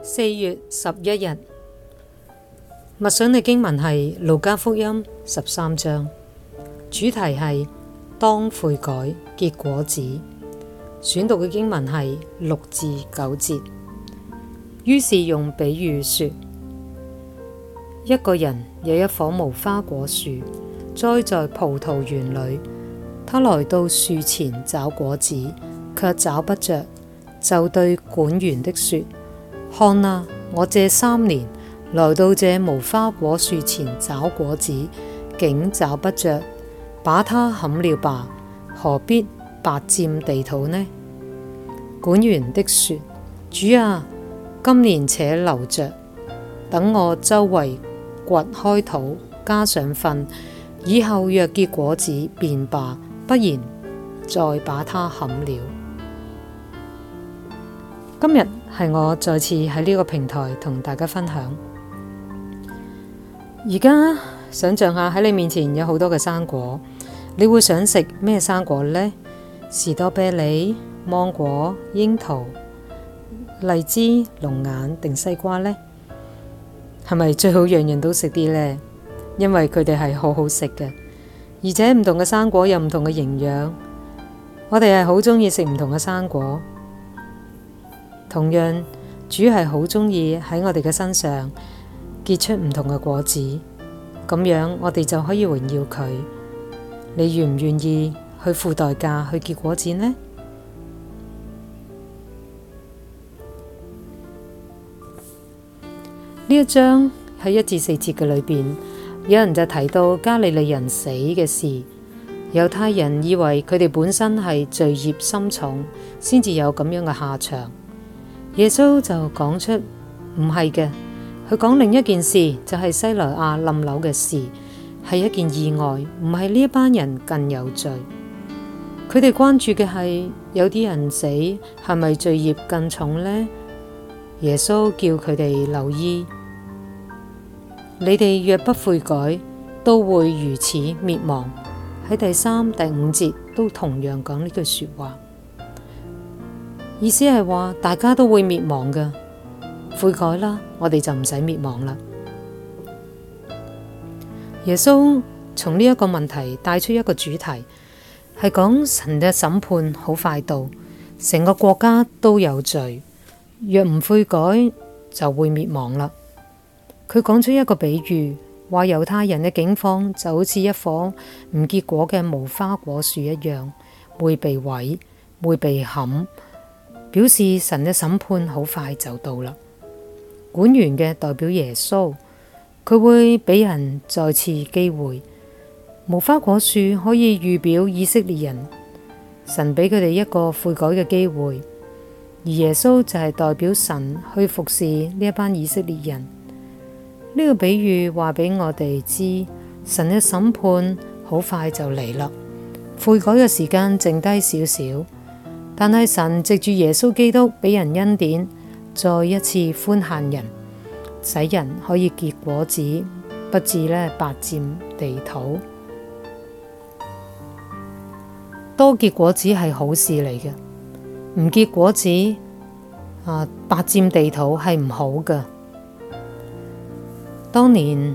四月十一日，默想嘅經文係《路加福音》十三章，主題係當悔改，結果子。選讀嘅經文係六至九節。於是用比喻說，一個人有一棵無花果樹栽在葡萄園裏，他來到樹前找果子，卻找不着。就對管園的說：看啊，我這三年來到這無花果樹前找果子，竟找不着。把它砍了吧，何必白佔地土呢？管園的說：主啊！今年且留着，等我周圍掘開土，加上糞，以後若結果子便罷，不然再把它砍了。今日係我再次喺呢個平台同大家分享。而家想象下喺你面前有好多嘅生果，你會想食咩生果呢？士多啤梨、芒果、櫻桃。荔枝、龍眼定西瓜呢，係咪最好樣樣都食啲呢？因為佢哋係好好食嘅，而且唔同嘅生果有唔同嘅營養。我哋係好鍾意食唔同嘅生果，同樣主係好鍾意喺我哋嘅身上結出唔同嘅果子，咁樣我哋就可以榮耀佢。你願唔願意去付代價去結果子呢？呢一章喺一至四節嘅裏邊，有人就提到加利利人死嘅事，猶太人以為佢哋本身係罪孽深重，先至有咁樣嘅下場。耶穌就講出唔係嘅，佢講另一件事，就係、是、西羅亞冧樓嘅事，係一件意外，唔係呢一班人更有罪。佢哋關注嘅係有啲人死係咪罪孽更重呢？」耶穌叫佢哋留意。你哋若不悔改，都會如此滅亡。喺第三、第五節都同樣講呢句說話，意思係話大家都會滅亡㗎。悔改啦，我哋就唔使滅亡啦。耶穌從呢一個問題帶出一個主題，係講神嘅審判好快到，成個國家都有罪，若唔悔改，就會滅亡啦。佢講出一個比喻，話猶太人嘅警方就好似一棵唔結果嘅無花果樹一樣，會被毀，會被砍，表示神嘅審判好快就到啦。管員嘅代表耶穌，佢會畀人再次機會。無花果樹可以預表以色列人，神畀佢哋一個悔改嘅機會，而耶穌就係代表神去服侍呢一班以色列人。呢個比喻話俾我哋知，神嘅審判好快就嚟啦，悔改嘅時間剩低少少，但係神藉住耶穌基督俾人恩典，再一次寬限人，使人可以結果子，不至呢，白佔地土。多結果子係好事嚟嘅，唔結果子啊，白佔地土係唔好嘅。當年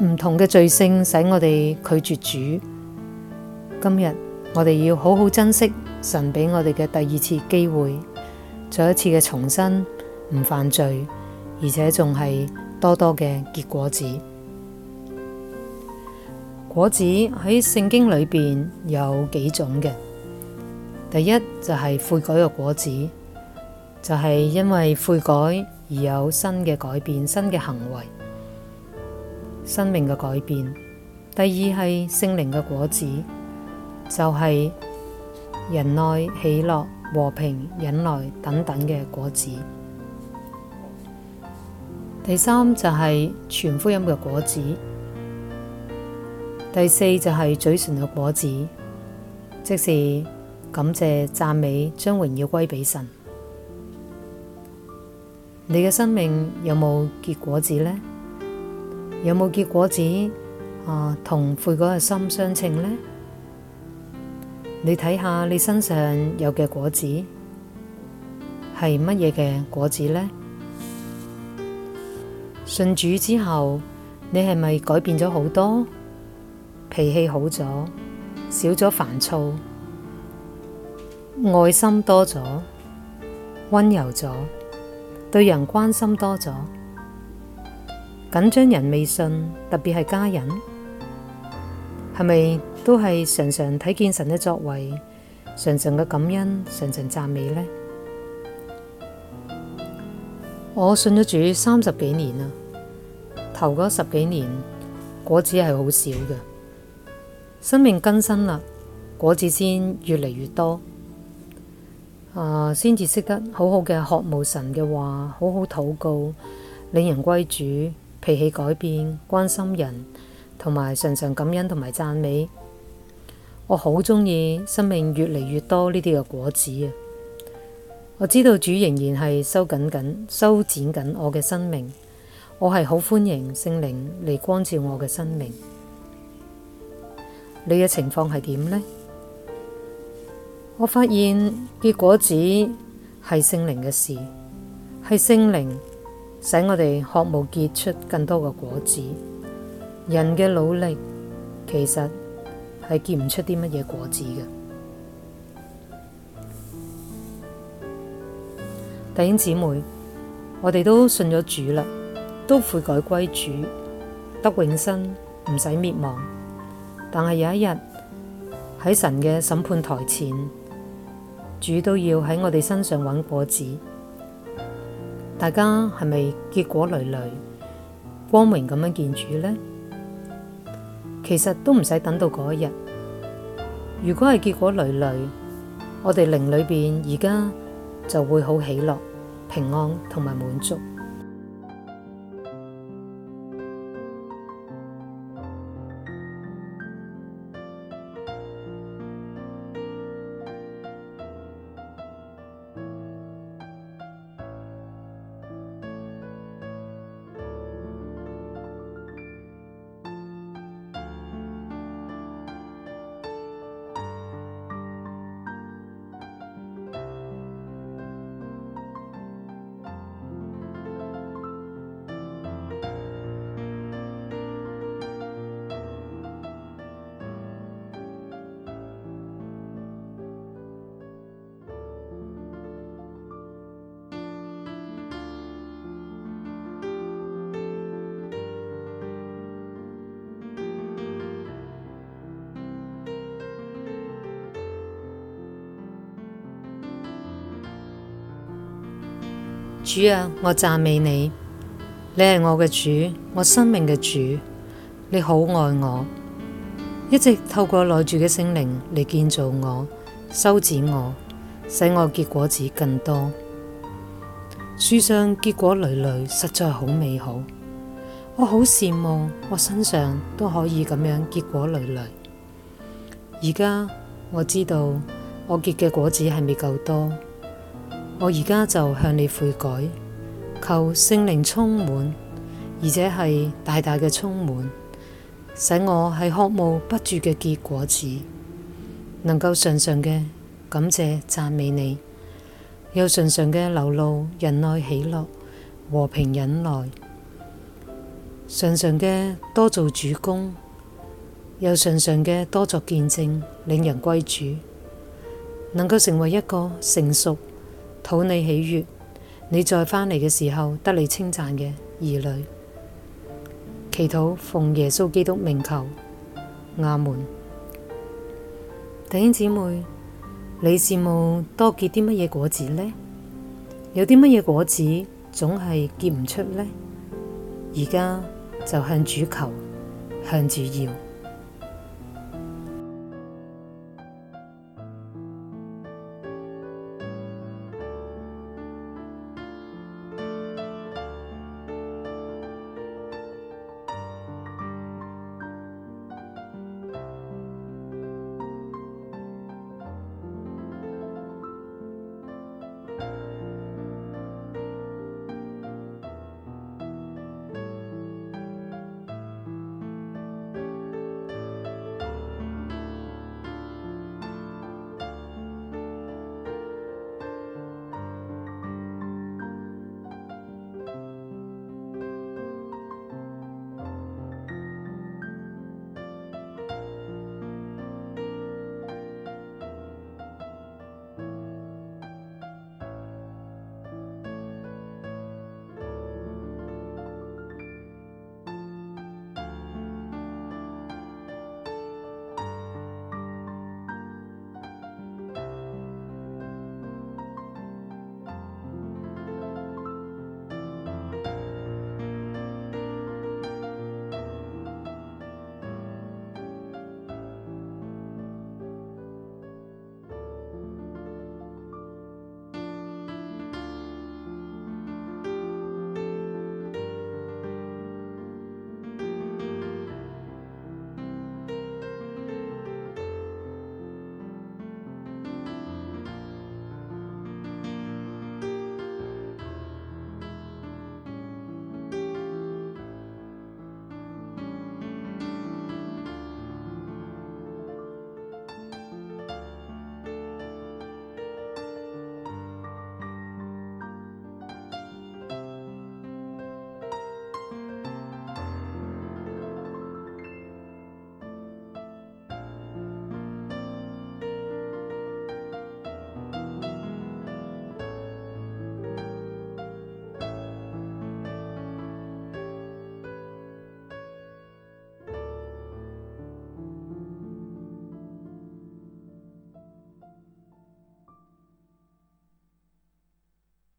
唔同嘅罪性使我哋拒絕主。今日我哋要好好珍惜神俾我哋嘅第二次機會，再一次嘅重生，唔犯罪，而且仲係多多嘅結果子。果子喺聖經裏面有幾種嘅，第一就係悔改嘅果子。就係因為悔改而有新嘅改變、新嘅行為、生命嘅改變。第二係聖靈嘅果子，就係仁愛、喜樂、和平、忍耐等等嘅果子。第三就係全福音嘅果子。第四就係嘴唇嘅果子，即是感謝讚美，將榮耀歸畀神。你嘅生命有冇結果子呢？有冇結果子啊？同悔改嘅心相稱呢？你睇下你身上有嘅果子係乜嘢嘅果子呢？信主之後，你係咪改變咗好多？脾氣好咗，少咗煩躁，愛心多咗，溫柔咗。對人關心多咗，緊張人未信，特別係家人，係咪都係常常睇見神嘅作為，常常嘅感恩，常常讚美呢？我信咗主三十幾年啦，頭嗰十幾年果子係好少嘅，生命更新啦，果子先越嚟越多。啊！先至識得好好嘅學慕神嘅話，好好禱告，令人歸主，脾氣改變，關心人，同埋常常感恩同埋讚美。我好鍾意生命越嚟越多呢啲嘅果子啊！我知道主仍然係收緊緊、修剪緊我嘅生命，我係好歡迎聖靈嚟光照我嘅生命。你嘅情況係點呢？我發現結果子係聖靈嘅事，係聖靈使我哋渴望結出更多嘅果子。人嘅努力其實係結唔出啲乜嘢果子嘅。弟兄姊妹，我哋都信咗主啦，都悔改歸主，得永生，唔使滅亡。但係有一日喺神嘅審判台前，主都要喺我哋身上搵果子，大家係咪結果累累，光明咁樣見主呢？其實都唔使等到嗰一日。如果係結果累累，我哋靈裏邊而家就會好喜樂、平安同埋滿足。主啊，我讚美你，你係我嘅主，我生命嘅主，你好愛我，一直透過內住嘅聖靈嚟建造我、修剪我，使我結果子更多。樹上結果累累，實在好美好，我好羨慕我身上都可以咁樣結果累累。而家我知道我結嘅果子係未夠多。我而家就向你悔改，求聖靈充滿，而且係大大嘅充滿，使我係渴慕不住嘅結果子，能夠常常嘅感謝讚美你，又常常嘅流露仁愛喜樂和平忍耐，常常嘅多做主工，又常常嘅多作見證，令人歸主，能夠成為一個成熟，討你喜悅，你再返嚟嘅時候得你稱讚嘅兒女。祈禱奉耶穌基督名求，亞門。弟兄姊妹，你羨慕多結啲乜嘢果子呢？有啲乜嘢果子總係結唔出呢？而家就向主求，向主要。